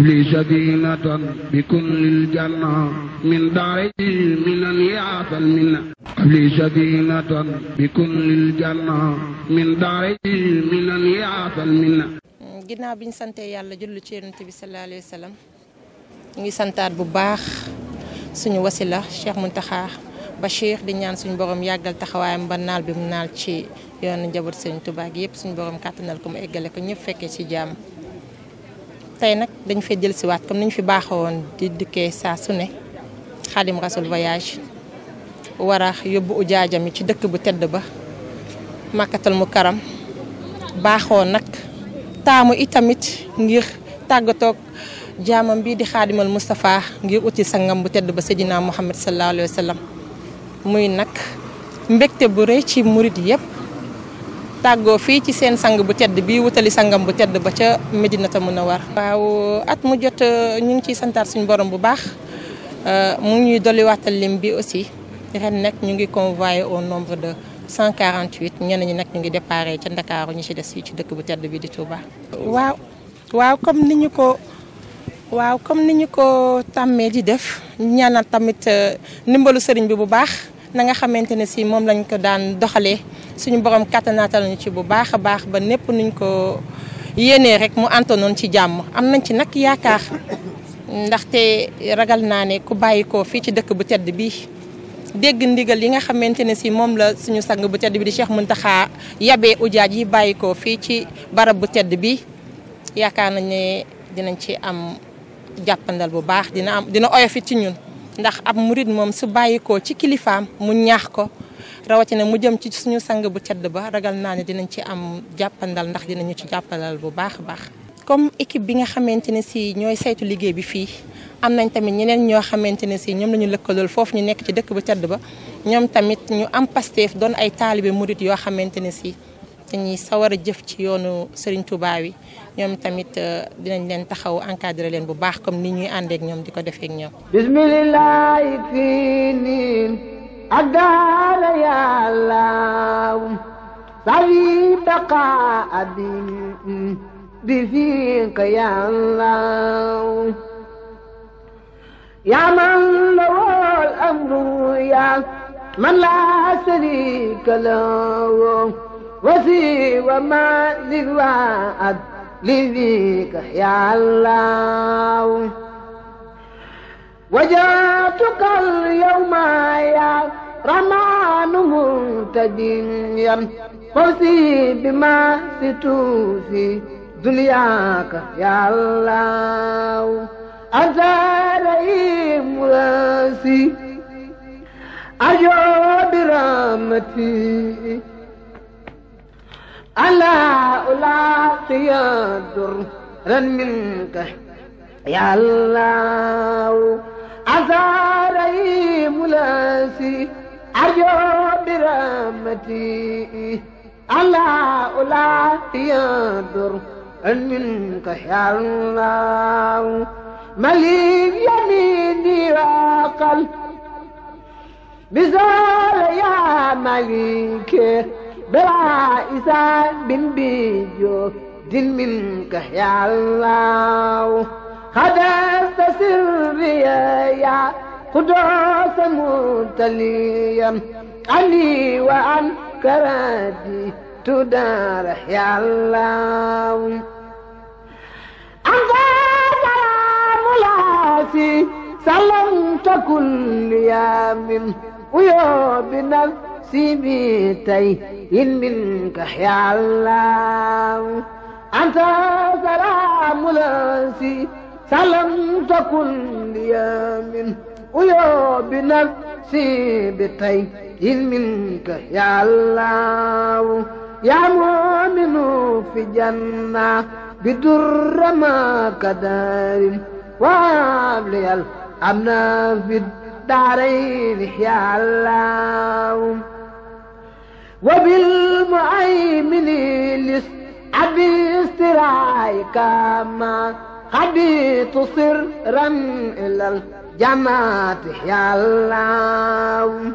لي سكينة بكل الجنة من داري من يعطى المنة لي سكينة بكل الجنة ginnaaw bi ñu sante yàlla jullu ci yonent bi sallallahu alayhi wa ngi santaat bu baax suñu wasila Cheikh Mountakha Bachir di ñaan suñu borom yàggal taxawaayam ba naal bi mu naal ci yoonu njaboot Sëriñ Tuubaa gi yëpp suñu borom kàttanal ko mu eggale ko ñëpp fekkee ci jàmm tey nag dañu fee jël si waat comme ni ñu fi baaxoon di dikkee saa su ne xaadim rasul voyage war yóbbu ujaajam yi ci dëkk bu tedd ba màkkatal mu karam baaxoo nag taamu itamit ngir tàggatoog jaamam bii di xaadimal Moustapha ngir uti sangam bu tedd ba Seydina Muhammad sallallahu alayhi wa sallam muy nag mbégte bu rëy ci murit yépp tàggoo fii ci seen sang bu tedd bi wutali sangam bu tedd ba ca a war waaw at mu jot euh, ñu ngi ciy santaat suñu borom bu baax euh, mu ngi ñuy dolliwaatal lim bi aussi ren nag ñu ngi convoyé au nombre de 148 ñenn ñi nag ñu ngi déparé ca Ndakaaru ñu ci des fii ci dëkk bu tedd bi di Touba. waaw waaw comme ni ñu ko waaw comme ni ñu ko tàmmee di def ñaanal tamit euh, ndimbalu sëriñ bi bu baax. na nga xamante ne si moom lañ ko daan doxalee suñu borom kattanaatal ñu ci bu baax a baax ba népp nuñ ko yéenee rek mu antonoon ci jàmm am nañ ci nag yaakaar ndaxte ragal naa ne ku bàyyi fii ci dëkk bu tedd bi dégg ndigal yi nga xamante ne si moom la suñu sang bu tedd bi di Cheikh Mountakha yabee ujaaj yi bàyyi ko fii ci barab bu tedd bi yaakaar nañ ne dinañ ci am jàppandal bu baax dina am dina oyofit ci ñun ndax ab murit moom su bàyyikoo ci kilifaam mu ñaax ko rawatina mu jëm ci suñu sang bu tedd ba ragal naa ne dinañ ci am jàppandal ndax dinañu ci jàppalal bu baax a baax. comme équipe bi nga xamante ne sii ñooy saytu liggéey bi fii am nañ tamit ñeneen ñoo xamante ne sii ñoom la ñu lëkkalool foofu ñu nekk ci dëkk bu tedd ba ñoom tamit ñu am Pastef doon ay taalibe murit yoo xamante ne sii dañuy sawar a jëf ci yoonu Serigne Touba wi ñoom tamit euh, dinañ leen taxaw encadré leen bu baax comme ni ñuy àndeek ñoom di ko defee ak ñoom. bismillahi fii nii ak daara yàllaaw sari baqa abi bi fii ka yàllaaw yaa man lawal amru yaa man laa sharika lahu وسي وما للوعد لذيك يا الله وجاتك اليوم يا رمان منتجيا فوسي بما ستوفي دنياك يا الله أزاري مراسي أجو برامتي ألا ألاقي درا منك يا الله أزاري ملاسي أرجو برحمتي ألا ألاقي درا منك يا الله مليك يميني وقلبي بزار يا مليك بلا إساب بجود منك يا الله خدست سري يا قدوس متليا علي وعن كرادي تدار يا الله أنت سلام لاسي سلمت كل يوم ويوم بنفسي سبيتين منك يا الله أنت سلام لاسي سلام تكن لي من ويا بنفسي بتين منك يا الله يا مؤمن في جنة بدر ما كدار وابلي الأمن في الدارين يا الله وبالمعيمن لس أبي استرايك ما خبيت سرا إلى الجماعة يا الله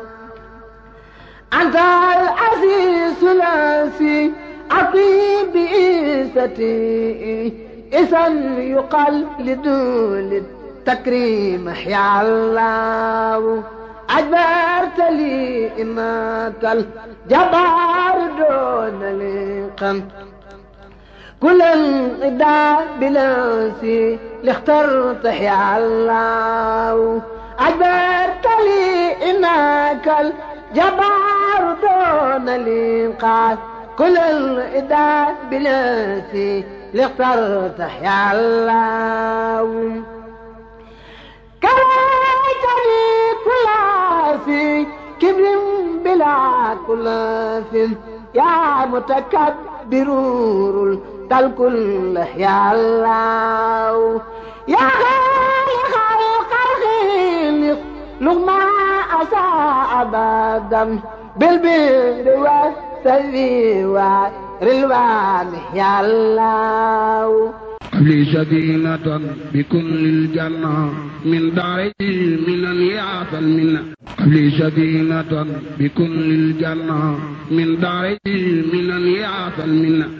أنت العزيز الأسي أطيب إيستي إذا يقال لدول التكريم يا الله أجبرت لي إمات الجبار دون لقم كل انقضاء بلاسي لاخترت يا الله أجبرت لي إنك الجبار دون لقم كل الإداء بلاسي لاخترت يا الله كرام في كبر بلا كلاف يا متكبر تلك يا الله يا خالق الخلق لغما أساء أبدا بالبر والسري والرلوان يا الله لي سكينة بكل الجنة من داري من يعفى المنة لي سكينة بكل الجنة من داري من يعطى المنة